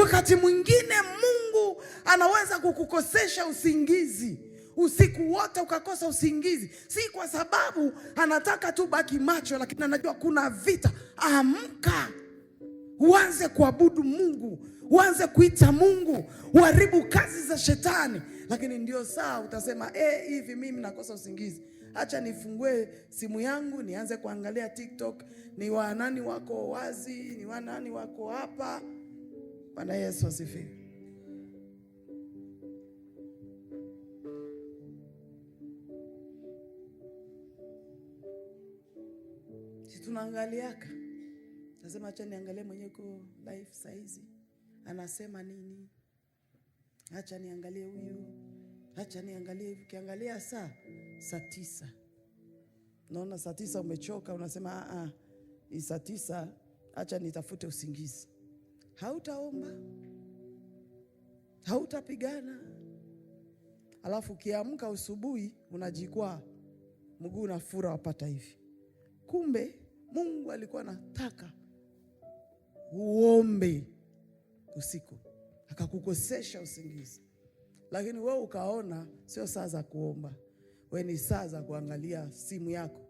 Wakati mwingine Mungu anaweza kukukosesha usingizi usiku wote ukakosa usingizi, si kwa sababu anataka tu baki macho, lakini anajua kuna vita. Amka, uanze kuabudu Mungu, uanze kuita Mungu, uharibu kazi za Shetani. Lakini ndio saa utasema eh, hivi mimi nakosa usingizi, acha nifungue simu yangu nianze kuangalia TikTok, ni wanani wako wazi, ni wanani wako hapa Bwana Yesu asifiwe. Si tunaangaliaka, nasema acha niangalie mwenye ko life saizi anasema nini, acha niangalie huyu, acha niangalie hivi. Ukiangalia saa saa tisa, naona saa tisa umechoka, unasema a, ah, ah, saa tisa acha nitafute usingizi hautaomba, hautapigana, alafu ukiamka usubuhi unajikwaa mguu na fura wapata hivi. Kumbe Mungu alikuwa anataka uombe usiku, akakukosesha usingizi, lakini wewe ukaona sio saa za kuomba, we ni saa za kuangalia simu yako